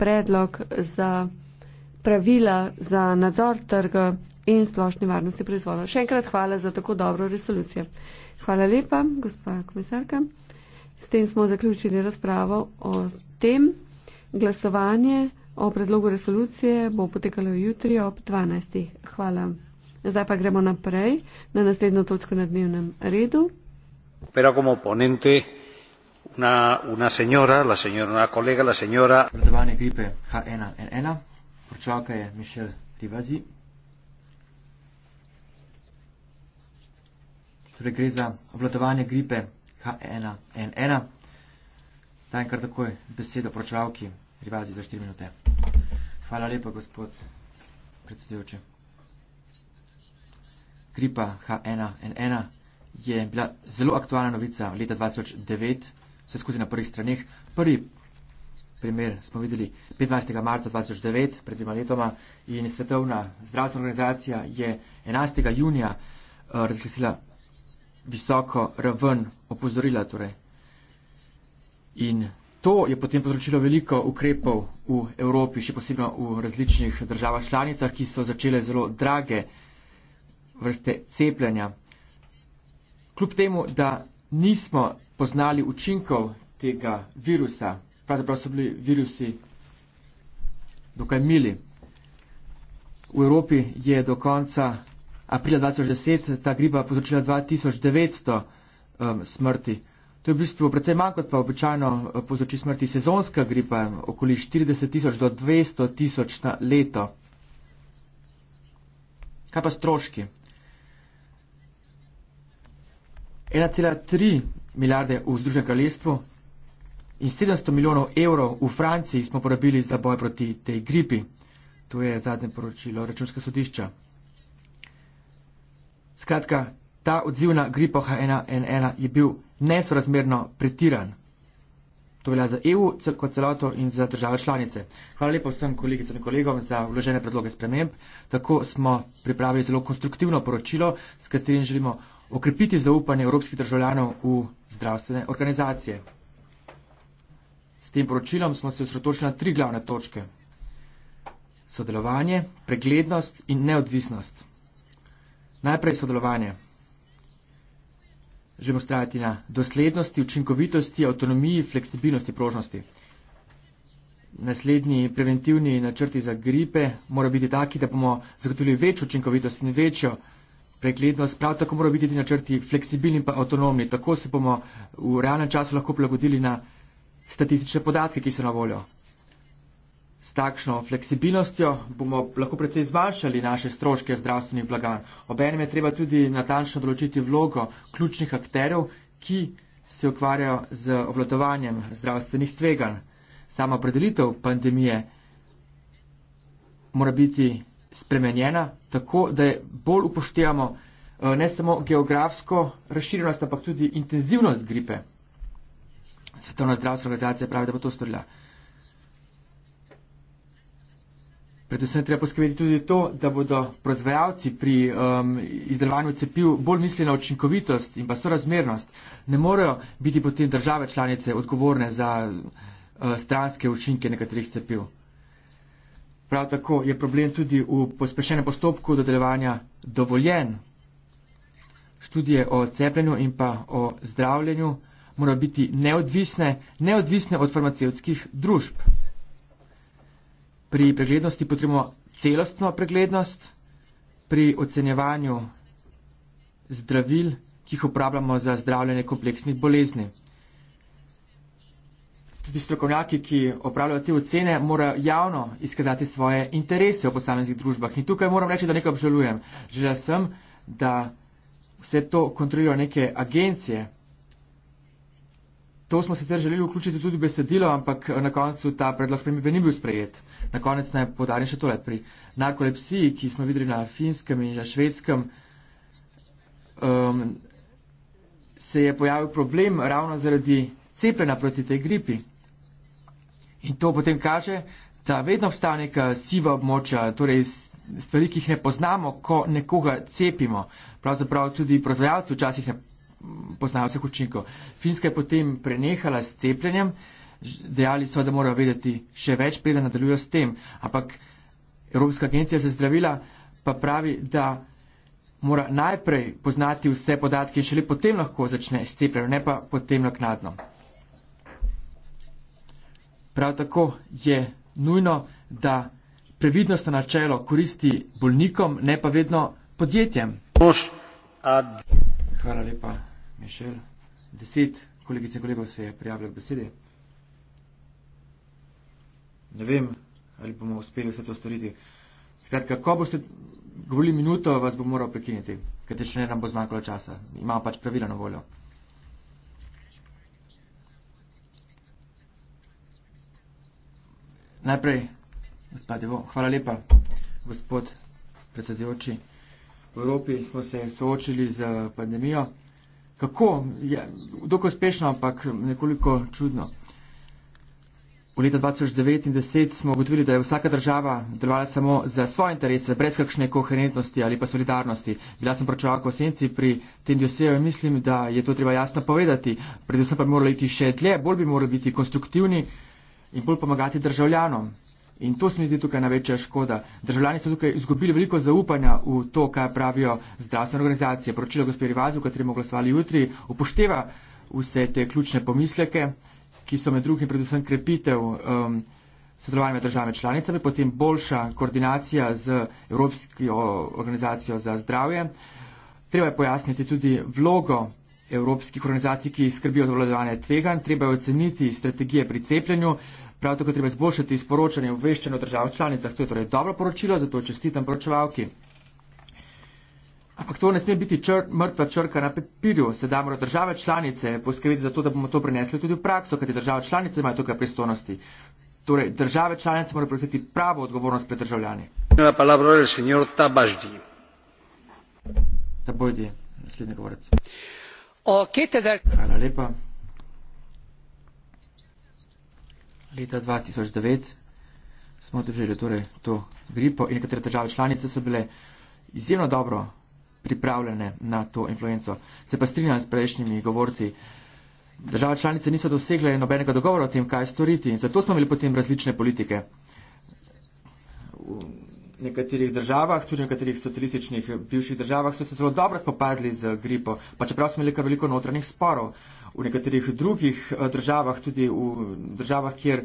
predlog za pravila za nadzor trga in splošne varnosti proizvodov. Še enkrat hvala za tako dobro resolucijo. Hvala lepa, gospa komisarka. S tem smo zaključili razpravo o tem. Glasovanje o predlogu resolucije bo potekalo jutri ob 12. Hvala. Zdaj pa gremo naprej na naslednjo točko na dnevnem redu. Pero como ponente una, una señora, la señora, una colega, la señora. Torej gre za obvladovanje gripe H1N1. Dajem kar takoj besedo pročevalki Rivazi za 4 minute. Hvala lepa, gospod predsedujoče. Gripa H1N1 je bila zelo aktualna novica leta 2009 vse skozi na prvih straneh. Prvi primer smo videli 25. marca 2009, pred dvema letoma, in Svetovna zdravstvena organizacija je 11. junija uh, razglasila visoko raven opozorila. Torej. In to je potem področilo veliko ukrepov v Evropi, še posebej v različnih državah članicah, ki so začele zelo drage vrste cepljenja. Kljub temu, da nismo spoznali učinkov tega virusa. Pravzaprav so bili virusi dokaj mili. V Evropi je do konca aprila 2010 ta gripa povzročila 2900 um, smrti. To je v bistvu precej manj kot pa običajno uh, povzroči smrti sezonska gripa, okoli 40 tisoč do 200 tisoč na leto. Kaj pa stroški? 1,3 milijarde v Združenem kraljestvu in 700 milijonov evrov v Franciji smo porabili za boj proti tej gripi. To je zadnje poročilo računskega sodišča. Skratka, ta odziv na gripo H1N1 je bil nesorazmerno pretiran. To velja za EU cel kot celoto in za države članice. Hvala lepa vsem kolegicam in kolegom za vložene predloge sprememb. Tako smo pripravili zelo konstruktivno poročilo, s katerim želimo okrepiti zaupanje evropskih državljanov v zdravstvene organizacije. S tem poročilom smo se osredotočili na tri glavne točke. Sodelovanje, preglednost in neodvisnost. Najprej sodelovanje. Želimo strajati na doslednosti, učinkovitosti, avtonomiji, fleksibilnosti, prožnosti. Naslednji preventivni načrti za gripe mora biti taki, da bomo zagotovili večjo učinkovitost in večjo preglednost. Prav tako morajo biti ti načrti fleksibilni in avtonomni. Tako se bomo v realnem času lahko prilagodili na statistične podatke, ki so na voljo. S takšno fleksibilnostjo bomo lahko precej zmanjšali naše stroške zdravstvenih blagajn. Obenem je treba tudi natančno določiti vlogo ključnih akterjev, ki se ukvarjajo z obladovanjem zdravstvenih tveganj. Sama predelitev pandemije mora biti spremenjena, tako da je bolj upoštevamo eh, ne samo geografsko razširjenost, ampak tudi intenzivnost gripe. Svetovna zdravstvena organizacija pravi, da bo to storila. Predvsem treba poskrbeti tudi to, da bodo proizvajalci pri um, izdelovanju cepiv bolj mislili na učinkovitost in pa sorazmernost. Ne morejo biti potem države članice odgovorne za uh, stranske učinke nekaterih cepiv. Prav tako je problem tudi v pospešenem postopku dodeljevanja dovoljen. Študije o cepljenju in pa o zdravljenju morajo biti neodvisne, neodvisne od farmacevtskih družb. Pri preglednosti potrebujemo celostno preglednost, pri ocenjevanju zdravil, ki jih uporabljamo za zdravljenje kompleksnih bolezni tudi strokovnjaki, ki opravljajo te ocene, morajo javno izkazati svoje interese v posameznih družbah. In tukaj moram reči, da nekaj obžalujem. Želel sem, da vse to kontrolirajo neke agencije. To smo sicer želeli vključiti tudi v besedilo, ampak eh, na koncu ta predlog spremembe ni bil sprejet. Na konec naj podarim še tole. Pri narkolepsiji, ki smo videli na finskem in na švedskem, um, se je pojavil problem ravno zaradi cepljena proti tej gripi. In to potem kaže, da vedno obstaja neka siva območja, torej stvari, ki jih ne poznamo, ko nekoga cepimo. Pravzaprav tudi proizvajalci včasih ne poznajo vseh učinkov. Finska je potem prenehala s cepljenjem, dejali so, da morajo vedeti še več, preden nadaljujo s tem. Ampak Evropska agencija za zdravila pa pravi, da mora najprej poznati vse podatke in šele potem lahko začne s cepljenjem, ne pa potem naknadno. Prav tako je nujno, da previdnostno načelo koristi bolnikom, ne pa vedno podjetjem. Hvala lepa, Mišel. Deset kolegice in kolegov se je prijavljalo k besedi. Ne vem, ali bomo uspeli vse to storiti. Skratka, ko boste govorili minuto, vas bom moral prekiniti, ker še ne nam bo zmanjkalo časa. Imamo pač pravila na voljo. Najprej, gospa Devo, hvala lepa, gospod predsedujoči. V Evropi smo se soočili z pandemijo. Kako? Je dokaj uspešno, ampak nekoliko čudno. V leta 2009 in 2010 smo ugotovili, da je vsaka država delovala samo za svoje interese, brez kakšne koherentnosti ali pa solidarnosti. Bila sem pročevalka v senci pri tem dioseju in mislim, da je to treba jasno povedati. Predvsem pa bi morali iti še dlje, bolj bi morali biti konstruktivni in bolj pomagati državljanom. In to se mi zdi tukaj največja škoda. Državljani so tukaj izgubili veliko zaupanja v to, kaj pravijo zdravstvene organizacije. Poročilo gospodine Vazu, o katerem bomo glasovali jutri, upošteva vse te ključne pomisleke, ki so med drugim predvsem krepitev um, sodelovanja med državami članicami, potem boljša koordinacija z Evropsko organizacijo za zdravje. Treba je pojasniti tudi vlogo evropskih organizacij, ki skrbijo za vladovanje tvegan, treba je oceniti strategije pri cepljenju, prav tako treba izboljšati sporočanje obveščeno držav članicah. To je torej dobro poročilo, zato čestitam poročevalki. Ampak to ne sme biti čr mrtva črka na papirju. Sedaj morajo države članice poskrbeti za to, da bomo to prenesli tudi v prakso, kajti države članice imajo tukaj pristojnosti. Torej, države članice morajo prevzeti pravo odgovornost pred državljani. Tabajdi. Tabajdi, naslednji govorec leta dva tisoč devet smo doživeli torej to gripo in nekatere države članice so bile izjemno dobro pripravljene na to influenco. Se pa strinjam s prejšnjimi govorci. Države članice niso dosegle nobenega dogovora o tem, kaj storiti in zato smo imeli potem različne politike nekaterih državah, tudi v nekaterih socialističnih bivših državah, so se zelo dobro spopadli z gripo, pa čeprav smo imeli kar veliko notranjih sporov. V nekaterih drugih eh, državah, tudi v državah, kjer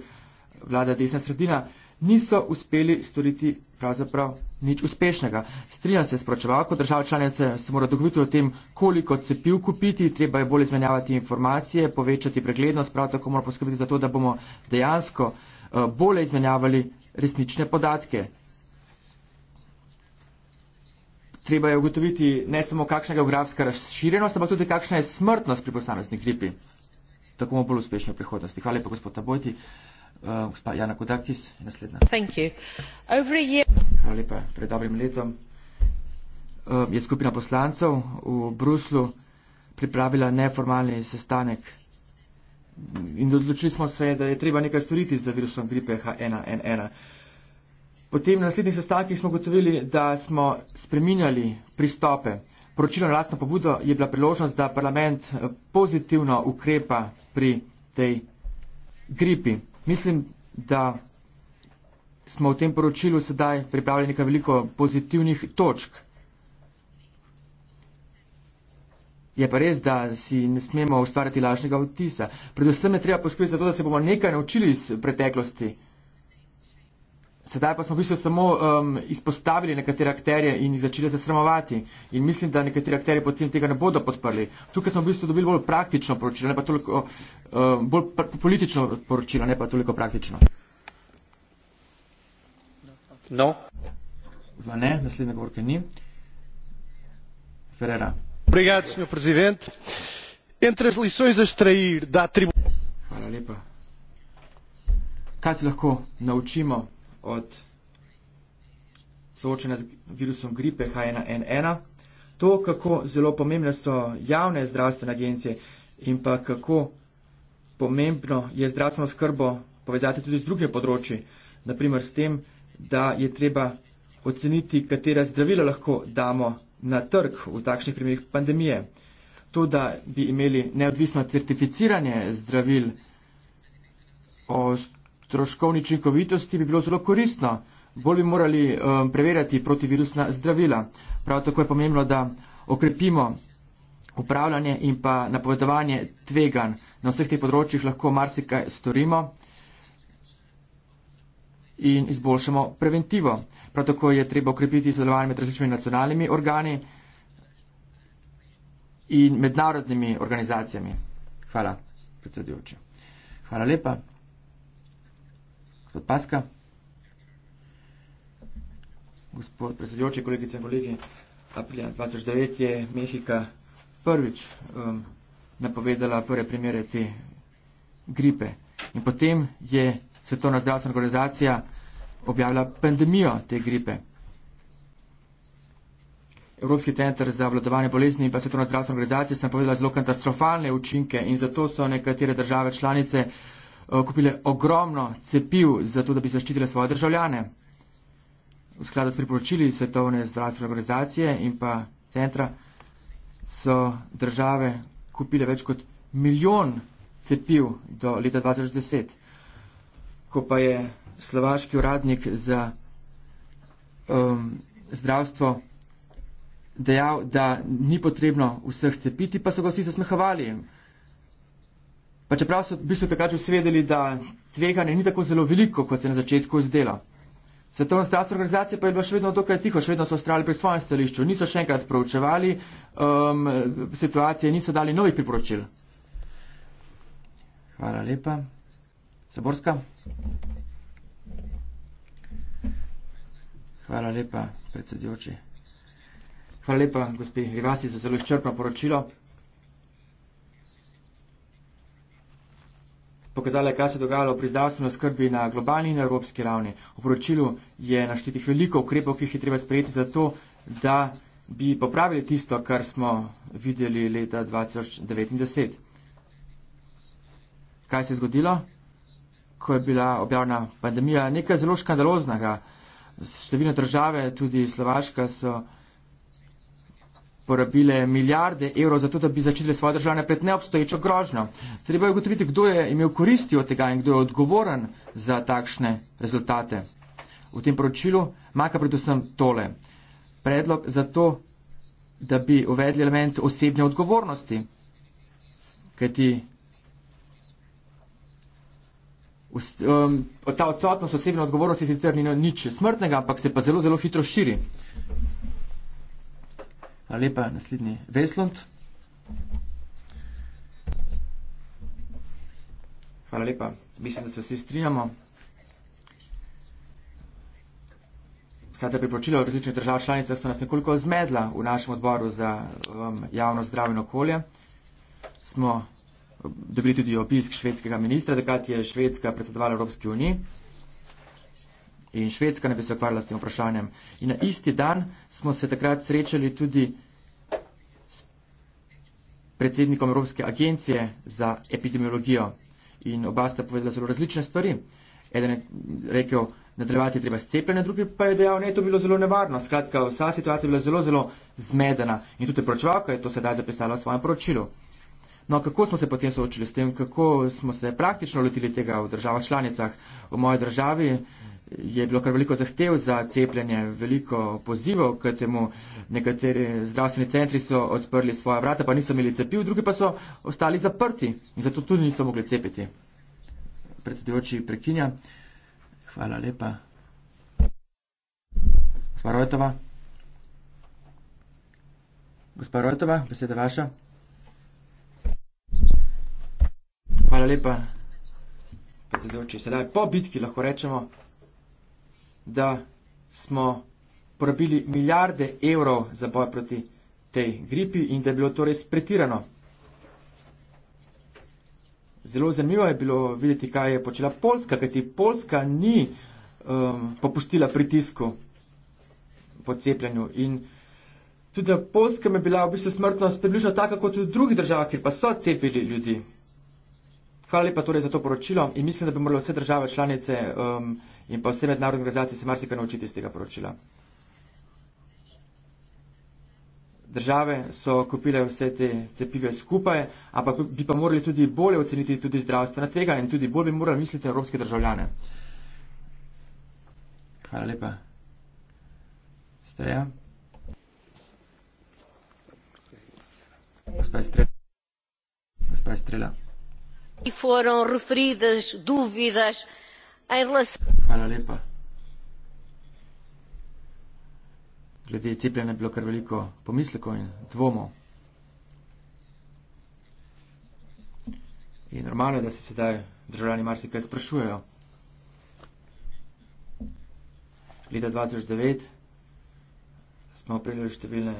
vlada desna sredina, niso uspeli storiti pravzaprav nič uspešnega. Strinjam se s pročevalko, država članice se mora dogoviti o tem, koliko cepiv kupiti, treba je bolj izmenjavati informacije, povečati preglednost, prav tako mora poskrbiti za to, da bomo dejansko eh, bolje izmenjavali resnične podatke treba je ugotoviti ne samo kakšna geografska razširjenost, ampak tudi kakšna je smrtnost pri posamezni gripi. Tako bomo bolj uspešni v prihodnosti. Hvala lepa, gospod Tabojti. Uh, gospa Jana Kodakis, naslednja. Hvala lepa. Pred dobrim letom uh, je skupina poslancev v Bruslu pripravila neformalni sestanek in odločili smo se, da je treba nekaj storiti za virusom gripe H1N1. Potem na naslednjih sestankih smo gotovili, da smo spreminjali pristope. Poročilo na lastno pobudo je bila priložnost, da parlament eh, pozitivno ukrepa pri tej gripi. Mislim, da smo v tem poročilu sedaj pripravili nekaj veliko pozitivnih točk. Je pa res, da si ne smemo ustvarjati lažnega vtisa. Predvsem je treba poskrbeti za to, da se bomo nekaj naučili iz preteklosti. Sedaj pa smo v bistvu samo um, izpostavili nekatere akterje in začeli se sramovati. In mislim, da nekateri akterje potem tega ne bodo podprli. Tukaj smo v bistvu dobili bolj praktično poročilo, ne pa toliko um, bolj politično poročilo, ne pa toliko praktično. No. Ne, naslednja govorka ni. Ferrera. Obrigado, senhor presidente. Entre as lições a extrair da tribuna. Hvala lepa. Kaj se lahko naučimo od soočanja z virusom gripe H1N1. To, kako zelo pomembne so javne zdravstvene agencije in pa kako pomembno je zdravstveno skrbo povezati tudi z druge področji, naprimer s tem, da je treba oceniti, katera zdravila lahko damo na trg v takšnih primerih pandemije. To, da bi imeli neodvisno certificiranje zdravil, stroškovni učinkovitosti bi bilo zelo koristno. Bolj bi morali um, preverjati protivirusna zdravila. Prav tako je pomembno, da okrepimo upravljanje in pa napovedovanje tvegan. Na vseh teh področjih lahko marsikaj storimo in izboljšamo preventivo. Prav tako je treba okrepiti sodelovanje med različnimi nacionalnimi organi in mednarodnimi organizacijami. Hvala, predsedujoči. Hvala lepa. Gospod Paska. Gospod predsedujoči, kolegice in kolegi, aprilja 2009 je Mehika prvič um, napovedala prve primere te gripe. In potem je Svetovna zdravstvena organizacija objavila pandemijo te gripe. Evropski centr za vladovanje bolezni in pa Svetovna zdravstvena organizacija sta napovedala zelo katastrofalne učinke in zato so nekatere države članice Eh, kupile ogromno cepiv, zato da bi zaščitile svoje državljane. V skladu s priporočili Svetovne zdravstvene organizacije in pa centra so države kupile več kot milijon cepiv do leta 2010. Ko pa je slovaški uradnik za um, zdravstvo dejal, da ni potrebno vseh cepiti, pa so ga vsi zasmehovali. Pa čeprav so v bistvu takrat usvedeli, da tveganje ni tako zelo veliko, kot se je na začetku zdelo. Svetovna zdravstvena organizacija pa je bila še vedno dokaj tiho, še vedno so ostali pri svojem stališču, niso še enkrat proučevali um, situacije, niso dali novih priporočil. Hvala lepa. Saborska. Hvala lepa, predsedujoči. Hvala lepa, gospe Rivasi, za zelo izčrpno poročilo. pokazala, kaj se je dogajalo pri zdravstveni skrbi na globalni in evropski ravni. V poročilu je naštetih veliko ukrepov, ki jih je treba sprejeti za to, da bi popravili tisto, kar smo videli leta 2019. Kaj se je zgodilo, ko je bila objavljena pandemija? Nekaj zelo škandaloznega. Številne države, tudi Slovaška, so porabile milijarde evrov za to, da bi začele svoje države pred neobstoječo grožnjo. Treba je ugotoviti, kdo je imel koristi od tega in kdo je odgovoren za takšne rezultate. V tem poročilu manjka predvsem tole. Predlog za to, da bi uvedli element osebne odgovornosti. Kajti um, ta odsotnost osebne odgovornosti sicer ni nič smrtnega, ampak se pa zelo, zelo hitro širi. Lepa, naslednji Veslund. Hvala lepa. Mislim, da se vsi strinjamo. Vsa ta priporočila različnih držav članicah so nas nekoliko zmedla v našem odboru za um, javno zdravje in okolje. Smo dobili tudi opisk švedskega ministra, takrat je Švedska predsedovala Evropski uniji in Švedska ne bi se ukvarjala s tem vprašanjem. In na isti dan smo se takrat srečali tudi s predsednikom Evropske agencije za epidemiologijo in oba sta povedala zelo različne stvari. Eden je rekel, nadaljevati je treba s cepljenjem, drugi pa je dejal, ne, to je bilo zelo nevarno. Skratka, vsa situacija je bila zelo, zelo zmedena in tudi poročevalka je to sedaj zapisala v svojem poročilu. No, kako smo se potem soočili s tem, kako smo se praktično lotili tega v državah članicah, v moji državi, je bilo kar veliko zahtev za cepljenje, veliko pozivov k temu. Nekateri zdravstveni centri so odprli svoja vrata, pa niso imeli cepiv, drugi pa so ostali zaprti in zato tudi niso mogli cepiti. Predsedujoči prekinja. Hvala lepa. Gospa Rojtova. Gospa Rojtova, beseda vaša. Hvala lepa. Sedaj po bitki lahko rečemo, da smo porabili milijarde evrov za boj proti tej gripi in da je bilo to res pretirano. Zelo zanimivo je bilo videti, kaj je počela Poljska, kajti Poljska ni um, popustila pritisku po cepljenju. In tudi na Poljskem je bila v bistvu smrtnost približno taka kot v drugih državah, kjer pa so cepili ljudi. Hvala lepa torej za to poročilo in mislim, da bi morali vse države članice. Um, in pa vse mednarodne organizacije se marsikaj naučiti iz tega poročila. Države so kupile vse te cepive skupaj, ampak bi pa morali tudi bolje oceniti tudi zdravstvena tvega in tudi bolj bi morali misliti na evropske državljane. Hvala lepa. Steja. Gospa Estrela. Gospa Estrela. E Airless. Hvala lepa. Glede cepljenja je bilo kar veliko pomislekov in dvomov. In normalno je, da se sedaj državljani marsikaj sprašujejo. Leta 2009 smo prejeli številne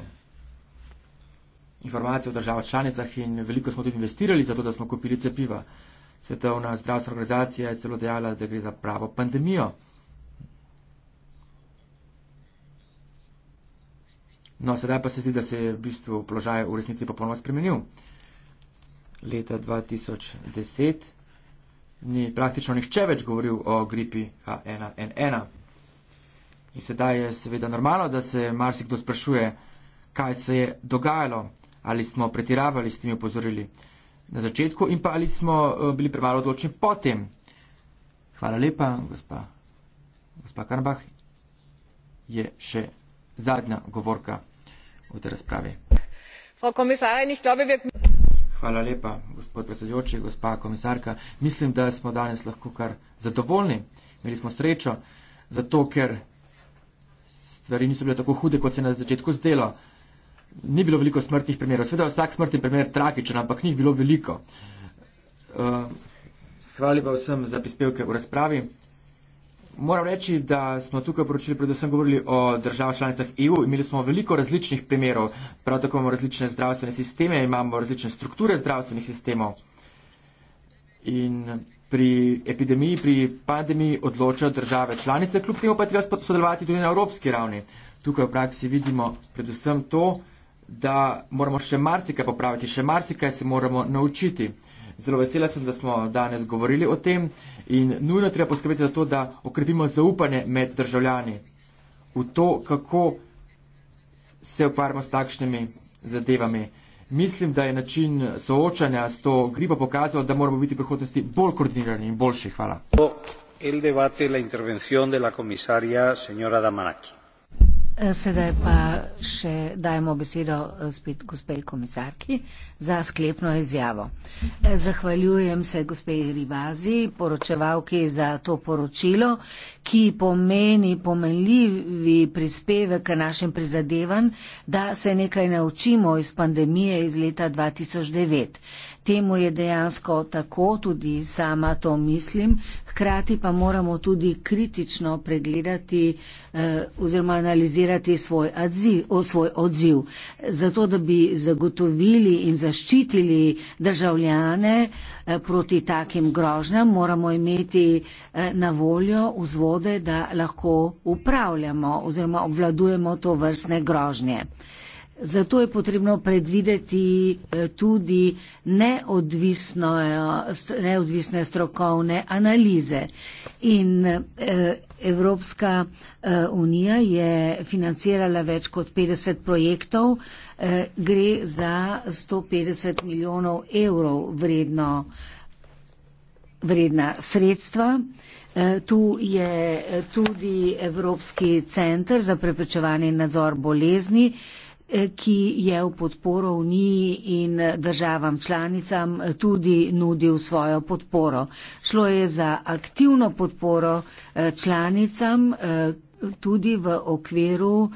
informacije o državah članicah in veliko smo tudi investirali za to, da smo kupili cepiva. Svetovna zdravstvena organizacija je celo dejala, da gre za pravo pandemijo. No, sedaj pa se zdi, da se je v bistvu položaj v resnici popolnoma spremenil. Leta 2010 ni praktično nihče več govoril o gripi H1N1. In sedaj je seveda normalno, da se marsikdo sprašuje, kaj se je dogajalo, ali smo pretiravali s temi opozorili na začetku in pa ali smo eh, bili premalo odločni potem. Hvala lepa, gospa. Gospa Karbah je še zadnja govorka v tej razpravi. Hvala lepa, gospod predsedujoči, gospa komisarka. Mislim, da smo danes lahko kar zadovoljni. Imeli smo srečo, zato ker stvari niso bile tako hude, kot se je na začetku zdelo ni bilo veliko smrtnih primerov. Sveda vsak smrtni primer je tragičen, ampak njih bilo veliko. Ehm, hvala lepa vsem za prispevke v razpravi. Moram reči, da smo tukaj poročili predvsem govorili o državah članicah EU. Imeli smo veliko različnih primerov, prav tako imamo različne zdravstvene sisteme, imamo različne strukture zdravstvenih sistemov. In pri epidemiji, pri pandemiji odločajo države članice, kljub temu pa je treba sodelovati tudi na evropski ravni. Tukaj v praksi vidimo predvsem to, da moramo še marsikaj popraviti, še marsikaj se moramo naučiti. Zelo vesela sem, da smo danes govorili o tem in nujno treba poskrbeti za to, da okrepimo zaupanje med državljani v to, kako se ukvarjamo s takšnimi zadevami. Mislim, da je način soočanja s to gripo pokazal, da moramo biti v prihodnosti bolj koordinirani in boljši. Hvala. El debate, la intervención de la comisaria, señora Damanaki. Eh, sedaj pa še dajemo besedo eh, spet gospej komisarki za sklepno izjavo. Eh, zahvaljujem se gospej Ribazi, poročevalki za to poročilo, ki pomeni pomenljivi prispevek k našim prizadevanj, da se nekaj naučimo iz pandemije iz leta 2009. Temu je dejansko tako, tudi sama to mislim, hkrati pa moramo tudi kritično pregledati eh, oziroma analizirati organizirati svoj odziv, o, svoj odziv, zato da bi zagotovili in zaščitili državljane eh, proti takim grožnjam, moramo imeti eh, na voljo vzvode, da lahko upravljamo oziroma obvladujemo to vrstne grožnje. Zato je potrebno predvideti eh, tudi eh, neodvisne strokovne analize. In eh, Evropska unija je financirala več kot 50 projektov, gre za 150 milijonov evrov vredno, vredna sredstva. Tu je tudi Evropski centr za preprečevanje in nadzor bolezni, Eh, ki je v podporo Uniji in državam članicam tudi nudil svojo podporo. Šlo je za aktivno podporo eh, članicam eh, tudi v okviru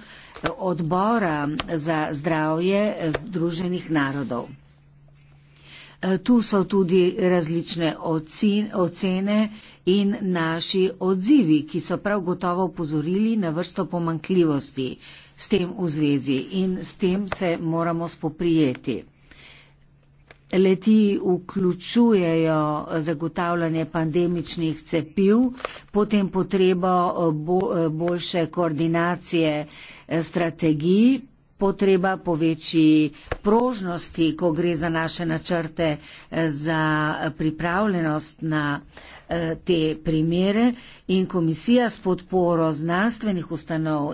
odbora za zdravje Združenih narodov. Tu so tudi različne ocene in naši odzivi, ki so prav gotovo upozorili na vrsto pomankljivosti s tem v zvezi in s tem se moramo spoprijeti. Leti vključujejo zagotavljanje pandemičnih cepiv, potem potrebo boljše koordinacije eh, strategij, potreba po večji prožnosti, ko gre za naše načrte, eh, za pripravljenost na Eh, te primere in komisija s podporo znanstvenih ustanov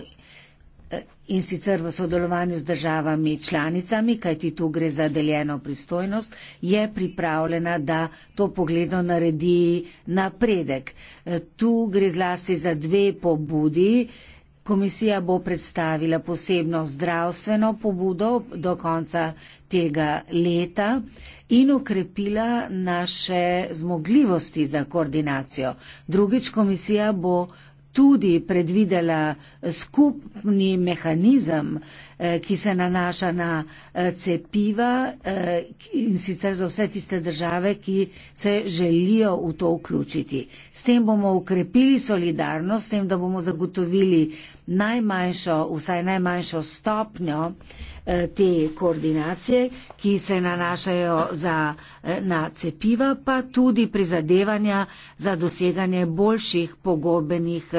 eh, in sicer v sodelovanju z državami članicami, kajti tu gre za deljeno pristojnost, je pripravljena, da to pogledno naredi napredek. Eh, tu gre zlasti za dve pobudi, Komisija bo predstavila posebno zdravstveno pobudo do konca tega leta in ukrepila naše zmogljivosti za koordinacijo. Drugič, komisija bo tudi predvidela skupni mehanizem Eh, ki se nanaša na eh, cepiva eh, in sicer za vse tiste države, ki se želijo v to vključiti. S tem bomo ukrepili solidarnost, s tem, da bomo zagotovili najmanjšo, vsaj najmanjšo stopnjo te koordinacije, ki se nanašajo za, na cepiva, pa tudi prizadevanja za doseganje boljših pogobenih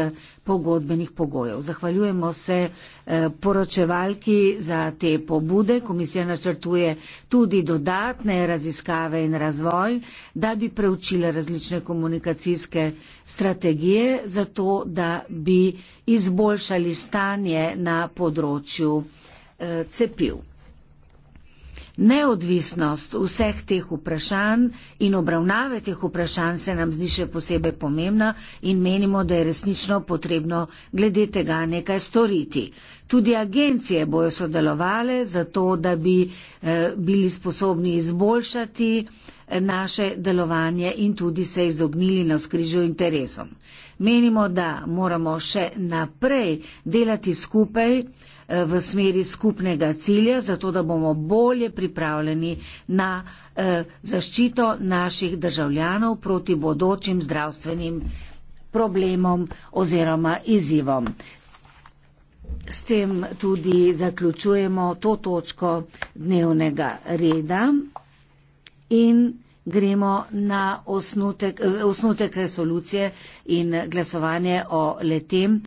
pogodbenih pogojev. Zahvaljujemo se eh, poročevalki za te pobude. Komisija načrtuje tudi dodatne raziskave in razvoj, da bi preučila različne komunikacijske strategije, zato da bi izboljšali stanje na področju eh, cepiv. Neodvisnost vseh teh vprašanj in obravnave teh vprašanj se nam zdi še posebej pomembna in menimo, da je resnično potrebno glede tega nekaj storiti. Tudi agencije bojo sodelovali za to, da bi eh, bili sposobni izboljšati eh, naše delovanje in tudi se izognili na skrižju interesom. Menimo, da moramo še naprej delati skupaj eh, v smeri skupnega cilja, zato da bomo bolje pripravljeni na zaščito naših državljanov proti bodočim zdravstvenim problemom oziroma izzivom. S tem tudi zaključujemo to točko dnevnega reda in gremo na osnutek, eh, osnutek resolucije in glasovanje o letem.